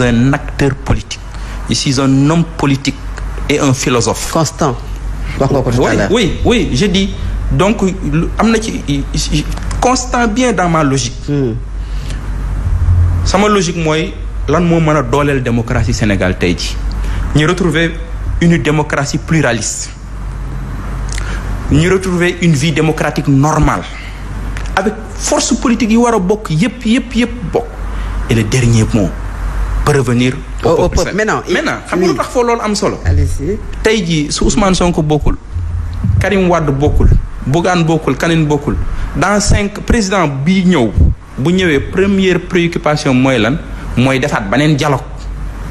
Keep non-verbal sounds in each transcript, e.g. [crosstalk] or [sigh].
un acteur politique. Je suis un homme politique et un philosophe. Constant. Oui, oui, oui, j'ai dit. Donc, constant bien dans ma logique. Ça hmm. ma logique, moi, lan moment mën dans la démocratie Sénégal tey ji retrouver une démocratie pluraliste ni retrouver une vie démocratique normale avec force politique y war bok il yep, yep, yep, bok. et le dernier mot revenir au oh, peuple maintenant xam nga lu tax foofu loolu am solo tey Ousmane Sonko Bokul, Karim Wade Bokul, Bougane Bokul, Kanine Bokul, dans cinq présidents, bi ñëw bu première préoccupation mooy lan mooy defaat banen dialogue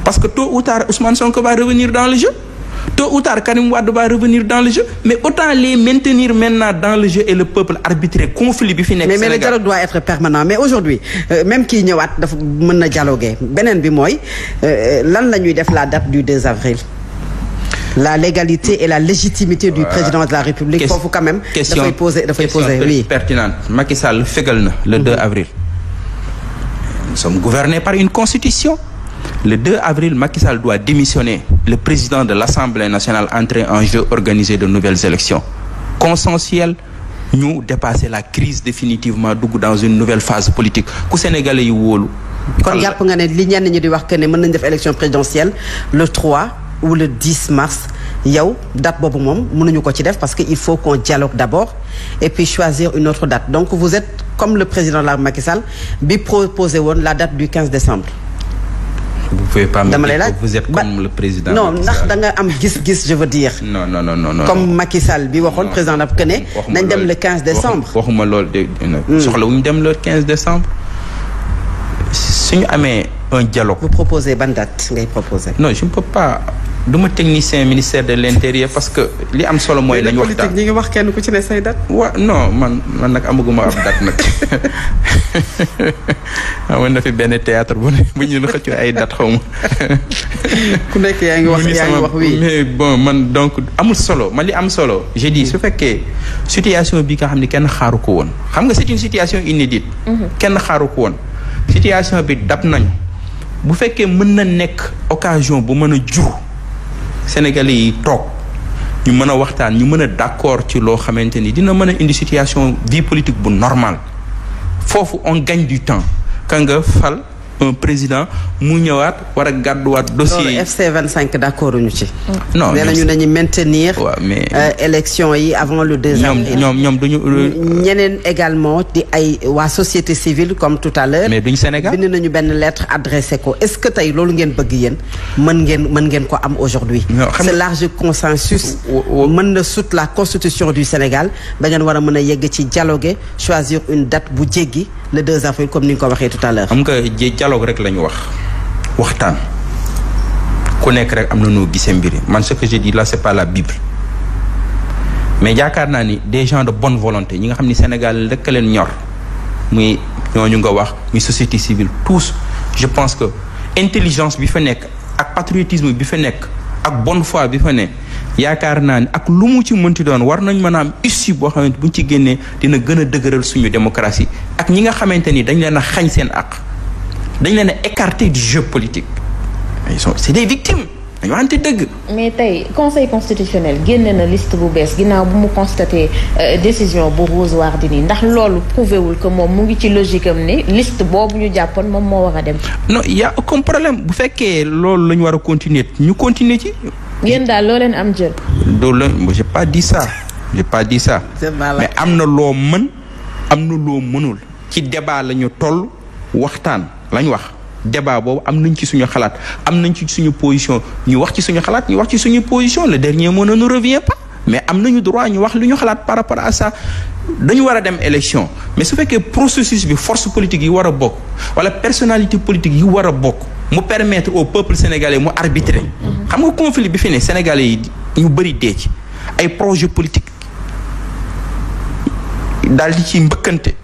parce que tôt ou tard Ousmane Sonko va revenir dans le jeu tôt ou tard Karim Wade revenir dans le jeu mais autant les maintenir maintenant dans le jeu et le peuple arbitrer conflit bi mais le dialogue doit être permanent mais aujourd'hui euh, même qui ñëwaat dafa pas de dialoguer Benen bi euh, lan la la date du 2 avril la légalité et la légitimité du président de la République il faut quand même poser dafay poser oui pertinente Macky Sall le 2 mhm. avril nous sommes gouvernés par une constitution le 2 avril, Macky Sall doit démissionner. Le président de l'Assemblée nationale entre en jeu, organiser de nouvelles élections. Consensuel, nous dépasser la crise définitivement dans une nouvelle phase politique ku sénégalais yi présidentielle le 3 ou le 10 mars il date a une date ko ci parce qu'il faut qu'on dialogue d'abord et puis choisir une autre date donc vous êtes comme le président la Macky Sall proposé la date du 15 décembre vous pouvez pas me dire que vous êtes comme le président non ndax da nga gis-gis je veux dire. non non non non comme Macky Sall Le président daf ko le 15 décembre waxuma loolu hmm. le 15 décembre. suñu amee un dialogue. vous proposez bande date vous proposez non je ne peux pas. duma technicien ministère de l'intérieur parce que li am solo moy lañ wax politique ñi ngi wax kenn ku ci ne say dat wa non man man nag amaguma am dat nak [laughs] amoon na fi ben théâtre bu ne bu ñu xëccu ay dat xawma [laughs] ku nekk ya nga wax ya nga wax wi mais bon man donc amul solo man li am solo. j'ai dit su fekkee situation bi nga xamni ne kenn xaru ko won xam nga c'est une situation inédite. Mhm. kenn xaru ko won situation bi dab nañ bu fekkee mën na nekk occasion bu mëna jour sénégalais yi toog ñu mëna waxtaan ñu mëna d'accord ci lo xamanteni dina mëna indi situation vie politique bu normal fofu on gagne du temps Quand fal un président mu ñëwaat war a gàdduwaat dossier le FC 25 d'accord, nous ñu ci. non nee nañu nañu maintenir. waaw mais euh, élection yi avant le 2 avril. ñom ñom duñu. Euh, également di ay wa société civile comme tout à l'heure mais duñ Sénégal bind nañu ben lettre adressé ko est ce que tay lolu ngeen bëgg yeen mën ngeen mën ngeen ko am aujourd'hui ce large consensus. mën na sout la constitution du Sénégal ba ngeen war a yegg ci dialoguer choisir une date bu jéggi les deux affaires comme nous avons fait tout à l'heure suis un dialogue avec les ñu wax waxtaan ku nekk rek am ce que je dis là c'est pas la bible mais il y ni des gens de bonne volonté nous nga que ni Sénégal rek leen ñor muy Nous nga wax société civile tous je pense que intelligence le patriotisme bi bonne foi yaakaar naa ni ak lu mu ci mënti doon war nañ mën a am issue boo xamante buñ ci génnee dina gën a dëgëral suñu démocratie ak ñi nga xamante ni dañ leen a xañ seen aq dañ leen a écarté du jeu politique ils sont c'est des victimes mais tey conseil constitutionnel génne na liste bu bees ginnaaw bu mu constaté euh, décision bu Rose Wardini ndax loolu prouvé wul que moom mu ngi ci logique am ni liste boobu ñu jàppoon moom moo war a dem. non y a aucun problème bu fekkee loolu la ñu war a continuer ñu continuer ci bien daal j'ai pas dit ça j'ai pas dit ça. mais amna lo meun amna lo meunul ci débat lañu toll waxtaan lañ wax débat bobu amnañ ci suñu xalaat amnañ ci suñu position ñu wax ci suñu xalaat ñu wax ci suñu position le dernier mot ne nous revient pas mais amnañu droit ñu wax luñu xalaat par rapport à ça dañu wara a dem élection mais su fekkee processus bi force politique yi wara bok wala personnalité politique yi wara bok mu permettre au peuple sénégalais mu arbitrer xam nga conflit bi fi ne sénégalais yi ñu bëri dee ci ay projet politique daal di ci mbëkkante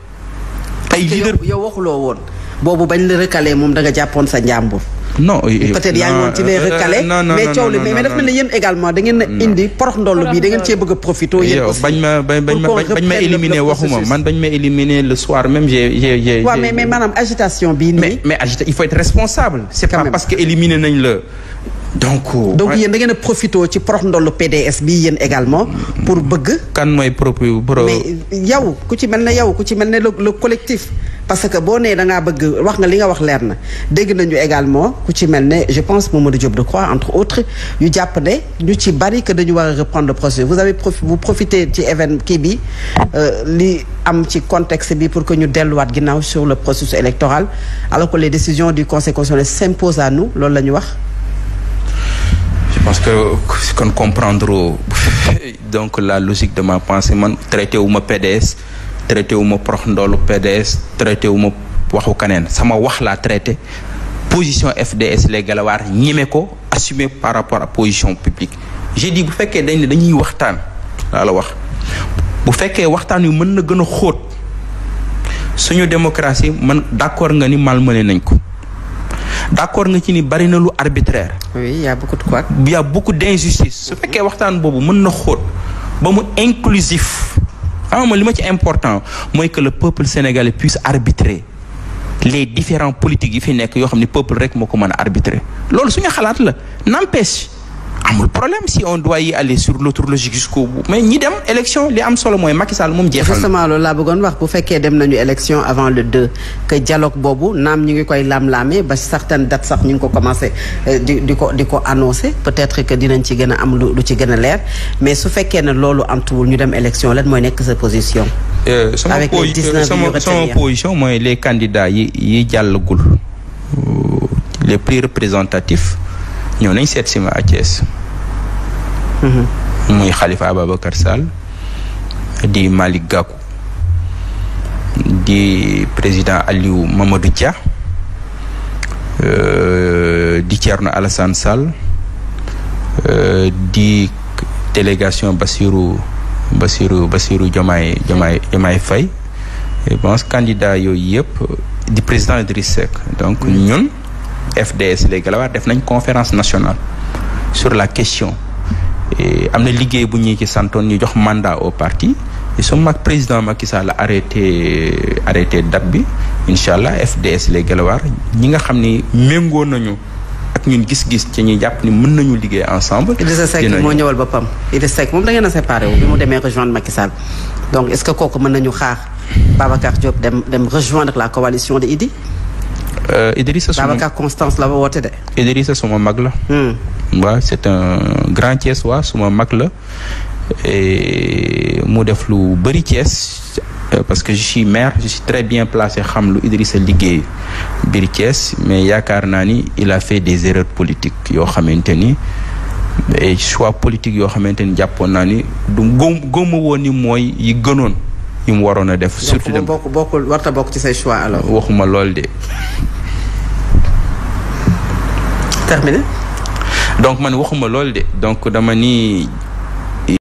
ay leader yow waxuloo woon boobu bañ la recalé moom danga jàppoon sa njàmbur non peut-être yaa ngi woon ci les recalés mais coow li mais mais daf mel ni yéen également da ngeen a indi porox ndollu bi da ngeen cee bëgg a profité yéen aussi bañ ma bañ ma bañ ma éliminer waxuma man bañ ma éliminer le soir même j'ai j'ai j'ai waaw mais mais maanaam agitation bi mais mais agita il faut être responsable c'est pas parce que éliminer nañ le donc euh, donc y a des a qui ci prof ndollu PDS bi yéen également pour bëgg. kan mooy propre pro. mais yow ku ci mel ne yow ku ci mel le le collectif. parce que boo nee da ngaa bëgg wax nga li nga wax leer na nañu également ku ci mel je pense Mamadou Diop de Croix entre autres ñu japonais ne ñu ci bari que dañu war reprendre le processus vous avez vous profitez ci event Kibi, bi euh, li am ci contexte bi pour que ñu delluwaat ginnaaw sur le processus électoral alors que les décisions du conseil constitutionnel s'imposent à nous loolu la wax je pense que qu'on comprendra euh, donc la logique de ma pensée man traité ou PDS traité wu ma prox le PDS traité wu ma waxu ça sama wax la traité position FDS les Galawar, ñeme ko assumer par rapport à position publique j'ai dit bu fekkee dañ ne dañuy waxtaan laa la wax bu fekkee waxtaan yu mën na gën suñu démocratie man d'accord nga ni malmené nañ d'accord nous ci ni bari na lu arbitraire. oui il y a beaucoup de quoi. Il y a beaucoup d'injustices. Ce que waxtan bobu inclusif important moy que le peuple sénégalais puisse arbitrer les différents politiques yi fi nek yo xamni peuple rek moko ko arbitrer lolou suñu xalaat la n'empêche amul problème si on doit y aller sur l'autre logique jusqu'au bout mais ñi dem élection li am solo moy Macky Sall mom jeexal justement loolu la bëggoon wax bu féké dem nañu élection avant le 2 que dialogue bobu nam ñi ngi koy lam lamé ba certaines dates sax ñi ngi ko commencé euh, diko diko annoncer peut-être que dinañ ci gëna am lu ci gëna lèr mais su né lolu am tuul ñu dem élection lan moy nekk sa position euh, sama euh, position moy les candidats yi yi jàllagul les plus représentatifs ñoo nañ seet si ma à Thiès mm-hmm. muy Khalifa Ababacar Sall di Malick Gakou di président Aliou Mamadou Dia euh, di Thierno Alassane Sall euh, di délégation Bassirou Bassirou Bassirou Diomaye Diomaye Diomaye fay je pense yooyu yëpp di président Idriss Seck donc mm-hmm. ñun FDS les Guelwaar def nañ conférence nationale sur la question am amna liguey bu ñi ci santone ñu jox mandat au parti Et son mag président Macky Sall la arrêté arrêté date bi inshallah FDS les Guelwaar ñi nga xamni mengo nañu ak ñun gis-gis ci ñi japp ni mën nañu liggéey ensemble. Idrissa Seck moo ñëwal boppam Idrissa Seck moom da ngeen a séparé wu bi mu demee rejoindre Macky Sall donc est-ce que kooku mën nañu xaar Babacar Diop dem dem rejoindre la coalition de Idi. Idrissa euh, Souma Constance hmm. c'est un grand tiers, waa et mu def lu euh, parce que je suis maire je suis très bien placé xam Idrissa mais yaakaar il a fait des erreurs politiques Yo et choix politique il xamante ñu mu waroon a def. surtout dem bokk bokkul warta bokk ci say choix alors. waxuma lool de. terminé. donc man waxuma lool de donc dama ni.